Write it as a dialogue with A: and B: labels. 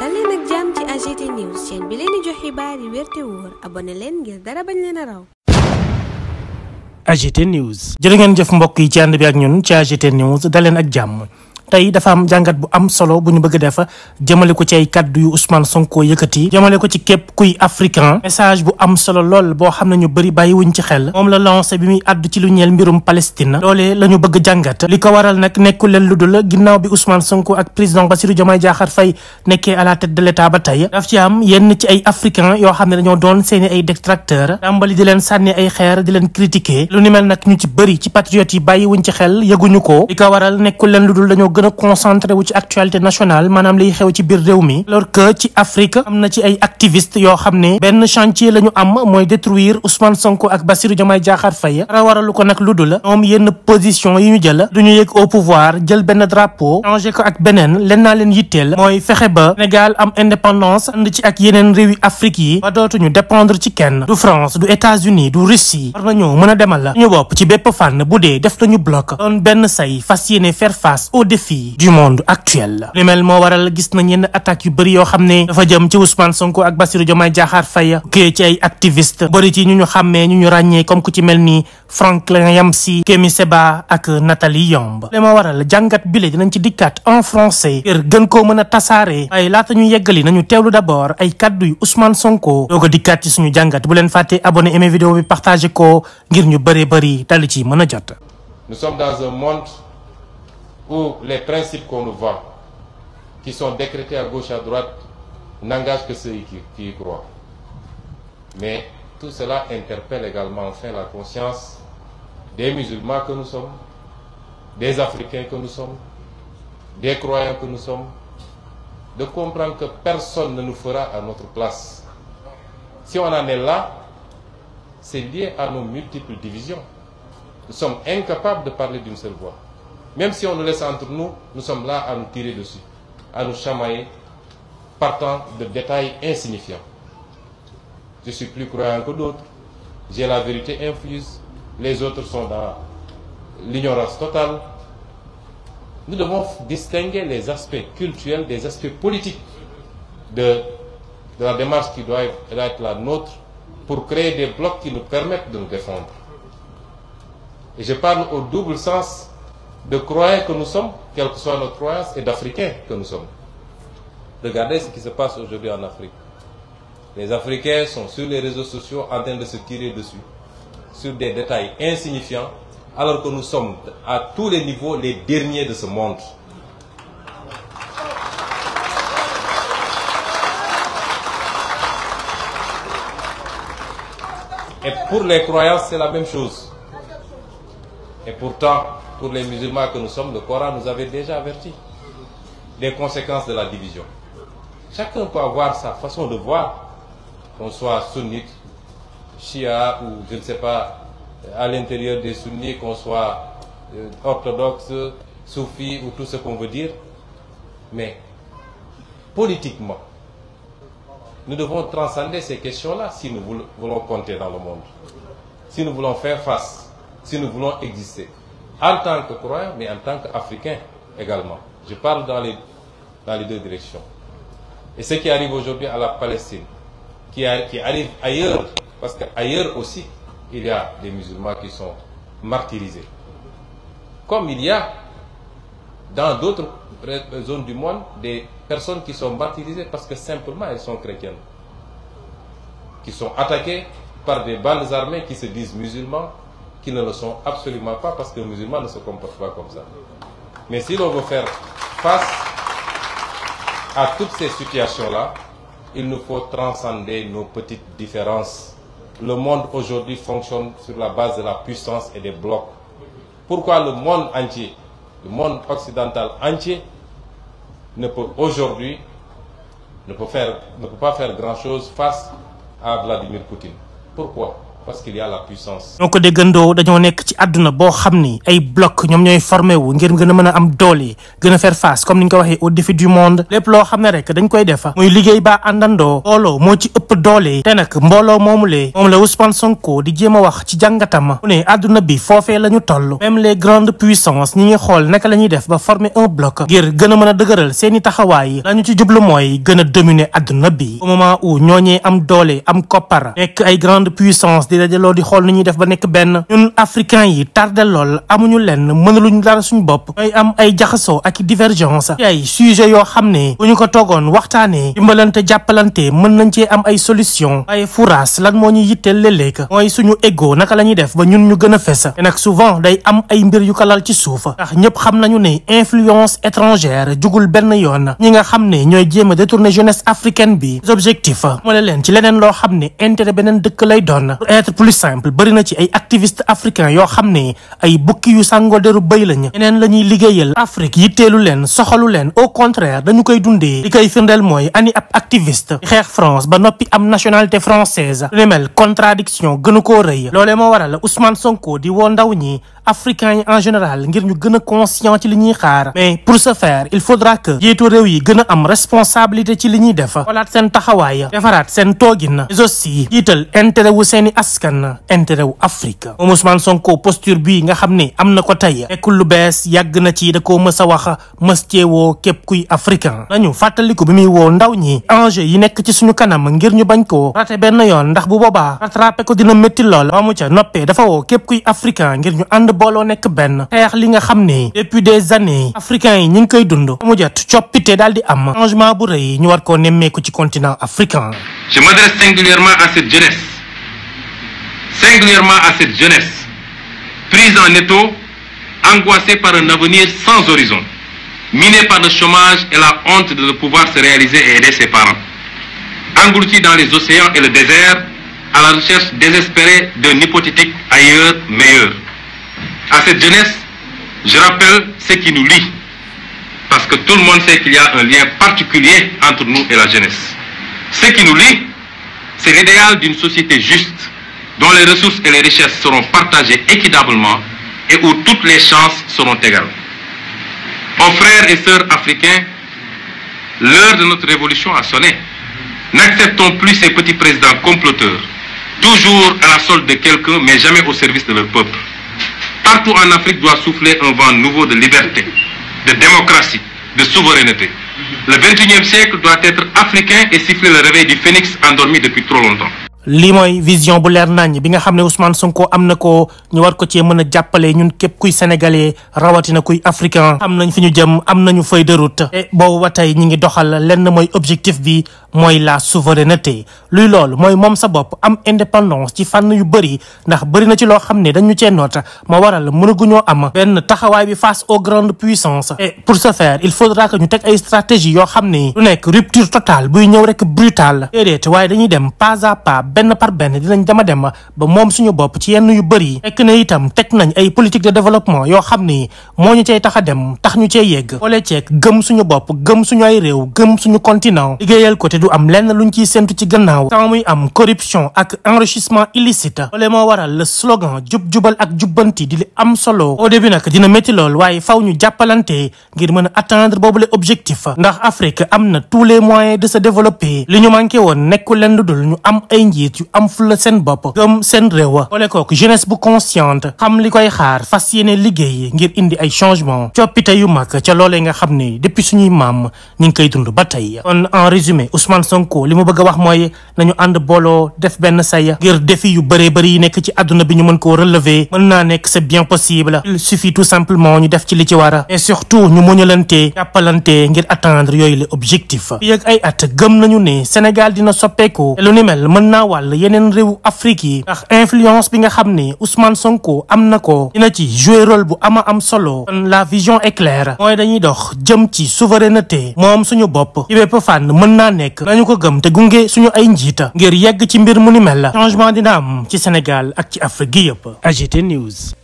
A: dal leen ak jàmm ci AGT news chaîne bi leen di jox xibaar yi wér te wóor abonné leen ngir dara bañ leen a raw. ngeen jëf mbokk yi ci ànd bi ak ñun ci AGT news daleen ak jàmm. tey dafa am jàngat bu am solo bu ñu bëgg def jëmale ko ci ay kaddu yu Ousmane Sonko yëkkati jëmale ko ci képp kuy africain message bu am solo lool boo xam ne ñu bëri bàyyiwuñ ci xel moom la lancé seeni ay détracteur tàmbali di leen sànni ay xeer di leen critiquer lu ni nag ñu ci bëri ci patriotes yi bàyyiwuñ ci xel yëguñu ko li ko waral nekkul leen lu dul dañoo gën gën a concentré wu ci actualité nationale maanaam liy xew ci biir réew mi alors que ci Afrique am na ci ay activistes yoo xam ne benn chantier la am mooy détruire Ousmane Sonko ak Bassirou Diomaye Diakhar Faye dara ko nag lu du la yenn position yi ñu jël du ñu yegg au pouvoir jël benn drapeau changé ko ak beneen leen naa leen yitteel mooy fexe ba Sénégal am indépendance ànd ci ak yeneen réewi Afrique yi ba dépendre ci kenn du France du États-Unis a défi du monde actuel li moo waral gis nañ yenn attaques yu bëri yoo xam ne dafa jëm ci Ousmane Sonko ak Bassirou Diomaye Diakhar Faye kee ci ay activiste bëri ci ñu ñu xàmmee ñu ñu ràññee comme ku ci mel ni Franklin Yamsi Kémi Seba ak Nathalie Yomb li moo waral jàngat bi bile dinañ ci dikkaat en français ngir gën koo mën a tasaare ay laata ñu yeggali nañu teewlu d'abord ay kaddu yu Ousmane Sonko doo ko dikkaat ci suñu jàngat bu leen fàtte abonné aimé vidéo bi partagé ko ngir ñu bëree bëri dal ci mën a jot
B: où les principes qu'on nous vend, qui sont décrétés à gauche, à droite, n'engagent que ceux qui, y croient. Mais tout cela interpelle également enfin la conscience des musulmans que nous sommes, des Africains que nous sommes, des croyants que nous de comprendre que personne ne nous fera à notre place. Si on est là, c'est lié à nos multiples divisions. Nous sommes incapables de parler d'une seule voix. Même si on le laisse entre nous, nous sommes là à nous tirer dessus, à nous chamailler, partant de détails insignifiants. Je suis plus croyant que d'autres. J'ai la vérité infuse. Les autres sont dans l'ignorance totale. Nous devons distinguer les aspects culturels des aspects politiques de, de la démarche qui doit être, doit être la nôtre pour créer des blocs qui nous permettent de nous défendre. Et je parle au double sens de croyants que nous sommes, quelle que soit notre croyance, et d'Africains que nous sommes. Regardez ce qui se passe aujourd'hui en Afrique. Les Africains sont sur les réseaux sociaux en train de se tirer dessus, sur des détails insignifiants, alors que nous sommes à tous les niveaux les derniers de ce monde. pour les croyances, c'est la même chose. Et pourtant, pour les musulmans que nous sommes, le Coran nous avait déjà averti des conséquences de la division. Chacun peut avoir sa façon de voir, qu'on soit sunnite, chia ou je ne sais pas, à l'intérieur des sunnis, qu'on soit euh, orthodoxe, soufi ou tout ce qu'on veut dire. Mais politiquement, nous devons transcender ces questions-là si nous voulons compter dans le monde, si nous voulons faire face, si nous voulons exister. en tant que croyant, mais en tant qu'Africain également. Je parle dans les, dans les deux directions. Et ce qui arrive aujourd'hui à la Palestine, qui, a, qui arrive ailleurs, parce qu'ailleurs aussi, il y a des musulmans qui sont martyrisés. Comme il y a dans d'autres zones du monde des personnes qui sont martyrisées parce que simplement elles sont chrétiennes, qui sont attaquées par des bandes armées qui se disent musulmans qui ne le sont absolument pas parce qu'un musulman ne se comporte pas comme ça. Mais si l'on veut faire face à toutes ces situations-là, il nous faut transcender nos petites différences. Le monde aujourd'hui fonctionne sur la base de la puissance et des blocs. Pourquoi le monde entier, le monde occidental entier, ne peut aujourd'hui ne peut, faire, ne peut pas faire grand-chose face à Vladimir Poutine Pourquoi parce qu'il a la puissance.
A: ñoo ko déggandoo dañoo nekk ci àdduna boo xam ni ay bloc ñoom ñooy formé ngir gën a mën a am doole gën a comme ni ñu ko waxee au défi du monde lépp loo xam ne rek dañ koy def muy liggéey ba àndandoo moom la Ousmane Sonko di jéem a wax ci jàngatam ne àdduna bi foofee la ñu toll même les grandes ñi ngi xool naka la def ba former un bloc ngir gën a mën a seeni taxawaay la ci jublu mooy gën a àdduna bi au di dajaloo di xool ni def ba nekk benn ñun africain yi tardel lool amuñu lenn mënaluñu dara suñu bopp ñooy am ay jaxasoo ak divergence ay sujet yoo xam ne bu ko toogoon waxtaanee dimbalante jàppalante mën nañ cee am ay solution waaye furaas lan moo ñu yitteel léeg-léeg mooy suñu ego naka la ñuy def ba ñun ñu gën a fes te nag souvent day am ay mbir yu ko lal ci suuf ndax ñëpp xam nañu ne influence étrangère jugul benn yoon ñi nga xam ne ñooy jéem a détourner jeunesse africaine bi objectif ma leen ci leneen loo xam ne intérêt beneen dëkk lay doon être plus simple bëri na ci ay activistes africain yoo xam ne ay bukki yu sàngoo deru béy lañ eneen la ñuy liggéeyal Afrique yitteelu leen soxalu leen au contraire dañu koy dundee li koy firndeel mooy ani ab activiste xeex France ba noppi am nationalité française lu mel contradiction gënu koo rëy loolee moo waral Ousmane Sonko di woo ndaw ñi africains yi en général ngir ñu gën a ci li ñuy xaar mais pour ce faire il faudra que jiitu réew yi gën a am responsabilité ci li ñuy def xoolaat seen taxawaay defaraat seen toogin mais aussi ital intérêt wu seeni askan intérêt wu Afrique moom Sonko posture bii nga xam ne am na ko tey nekkul lu bees yàgg na ci da koo mës a wax mës ceewoo képp kuy africain nañu fàttaliku bi muy woo ndaw ñi enjeu yi nekk ci suñu kanam ngir ñu bañ koo raté benn yoon ndax boobaa rattrapé ko dina lool ba mu dafa woo képp kuy ngir ñu ànd booloo nekk benn xeex li nga xam ne depuis des années africain yi ñu ngi koy dund mu jot coppite daal di am changement bu rëy ñu war koo nemmeeku ci continent africain.
B: Je m'adresse singulièrement à cette jeunesse singulièrement à cette jeunesse prise en étau angoissée par un avenir sans horizon minée par le chômage et la honte de ne pouvoir se réaliser et aider ses parents engloutie dans les océans et le désert à la recherche désespérée d'un hypothétique ailleurs meilleur À cette jeunesse, je rappelle ce qui nous lie, parce que tout le monde sait qu'il y a un lien particulier entre nous et la jeunesse. Ce qui nous lie, c'est l'idéal d'une société juste, dont les ressources et les richesses seront partagées équitablement et où toutes les chances seront égales. Aux frères et sœurs africains, l'heure de notre révolution a sonné. N'acceptons plus ces petits présidents comploteurs, toujours à la solde de quelqu'un, mais jamais au service de leur peuple. partout en Afrique doit souffler un de liberté, de démocratie, de souveraineté. Le 21e siècle doit être africain et siffler le réveil
A: lii mooy vision bu leer nañ bi nga xam ne Ousmane Sonko am na ko ñu war ko cee mën a jàppale ñun képp kuy sénégalais rawatina kuy africain am nañ fi ñu jëm am nañu feuille de route te boobu ba tey ñu ngi doxal lenn mooy objectif bi mooy la souveraineté luy loolu mooy moom sa bopp am indépendance ci fànn yu bëri ndax bëri na ci loo xam ne dañu cee noota ma waral mënaguñoo am benn taxawaay bi face aux grandes puissances pour ce faire il faudra que ñu teg ay stratégie yoo xam ne du nekk rupture totale buy ñëw rek brutale déedéet waaye dañuy dem pas benn par benn dinañ dema dem ba moom suñu bopp ci yenn yu bëri fekk na itam teg nañ ay politique de développement yoo xam ni moo ñu cay tax a dem tax ñu cee yegg boole ceeg gëm suñu bopp gëm suñu ay réew gëm suñu continent liggéeyal côté du am lenn lu ñu ci séntu ci gannaaw sans muy am corruption ak enrichissement illicite loolee moo waral le slogan jub-jubal ak jubbanti di li am solo au début nag dina métti lool waaye faw ñu jàppalante ngir mën a atteindre boobu le objectif ndax Afrique am na tous les moyens de se développer li ñu manqué woon nekkul leen lu dul ñu am ay njiit njiit yu am fulla seen bopp gëm seen réew boole kook jeunesse bu consciente xam li koy xaar fas yéene liggéey ngir indi ay changement coppite yu mag ca loolee nga xam ne depuis suñuy maam ñu ngi koy dund ba tey kon en résumé Ousmane Sonko li mu bëgg a wax mooy nañu ànd booloo def benn say ngir défi yu bëree bëri yi nekk ci adduna bi ñu mën ko relever mën naa nekk c'est bien possible il suffit tout simplement ñu def ci li ci war a mais surtout ñu muñalante jàppalante ngir atteindre yooyu le objectifs fii ay at gëm nañu ne Sénégal dina wàll yeneen réewu Afrique yi ndax influence bi nga xam ne Ousmane Sonko am na ko dina ci jouer rôle bu ama am solo kon la vision éclaire claire mooy dañuy dox jëm ci souveraineté moom suñu bopp ci bépp fànn mën naa nekk nañu ko gëm te gunge suñu ay njiita ngir yegg ci mbir mu ni mel changement dina am ci Sénégal ak ci Afrique gi yëpp